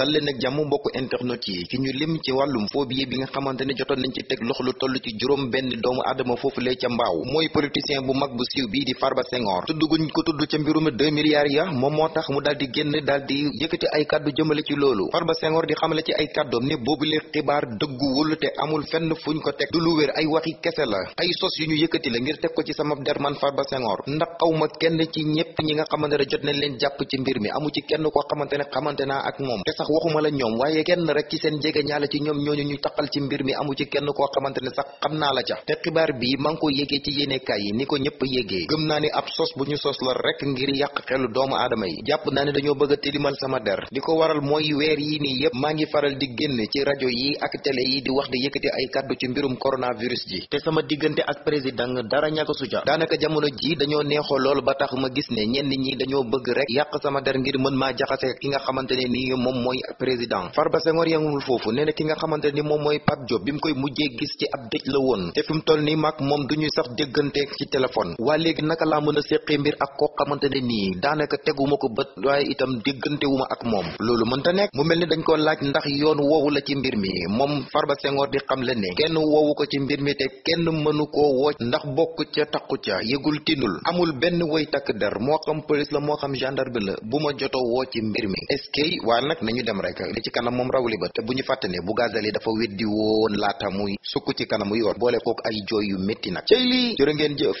dal leen ak jàmm mbokk internet yi ki ñu lim ci wàllum phobie bi nga xamante ne jotoon nañ ci teg loxo lu toll ci juróom benn doomu aadama foofu lee ca mbaaw mooy politicien bu mag bu siiw bii di Farba Senghor tudd guñ ko tudd ca mbirum deux milliards ya moom moo tax mu daal di génn daal di yëkkati ay kàddu jëmale ci loolu Farba Senghor di xamale ci ay kàddoom ne boobule xibaar dëgguwul te amul fenn fuñ ko teg du lu wér ay waxi kese la ay sos yu ñu yëkkati la ngir teg ko ci sama der man Farba Senghor ndax xaw ma kenn ci ñépp ñi nga xamante ne jot nañ leen jàpp ci mbir mi amu ci kenn koo xamante ne xamante naa ak moom te sax waxuma la ñoom waaye kenn rek ci seen jege ñaala ci ñoom ñooñu ñu taqal ci mbir mi amu ci kenn koo xamante ne sax xam naa la ca te xibaar bi ma ngi a maa ngi faral di génn ci rajo yi ak télé yi di wax di yëkkati ay kàddu ci mbirum coronavirus ji te sama diggante ak président dara ñàkk su ca daanaka jamono ji dañoo neexoo lool ba tax ma gis ne ñenn ñi dañoo bëgg rek yàq sama der ngir mën maa jaxase ki nga xamante ne nii moom mooy président Farba Senghor yemul foofu nee na ki nga xamante ni moom mooy Pape Diop bi mu koy mujjee gis ci ab dëj la woon te fi mu toll nii maag moom du ñuy sax déggante ci téléphone waa léegi naka laa mën a séqi ak koo xamante ne nii daanaka teguma ko bët waaye itam déggante ak moom loolu mënta nekk mu mel ni dañ ko laaj ndax yoon woowu la ci mbir mi moom Farba Senghor di xam le ne kenn woowu ko ci mbir mi te kenn mënu ko woo ndax bokk ca takku ca yëgul tinul amul benn woy takk der moo xam police la moo xam gendarme la bu ma jotoo woo ci mbir mi ñu dem rek li ci kanam moom raw li ba te bu ñu fàtte ne Boughazelli dafa weddi woon laata muy sukk ci kanamu yoon boole kook ay jooy yu métti nag cay lii ngeen jëf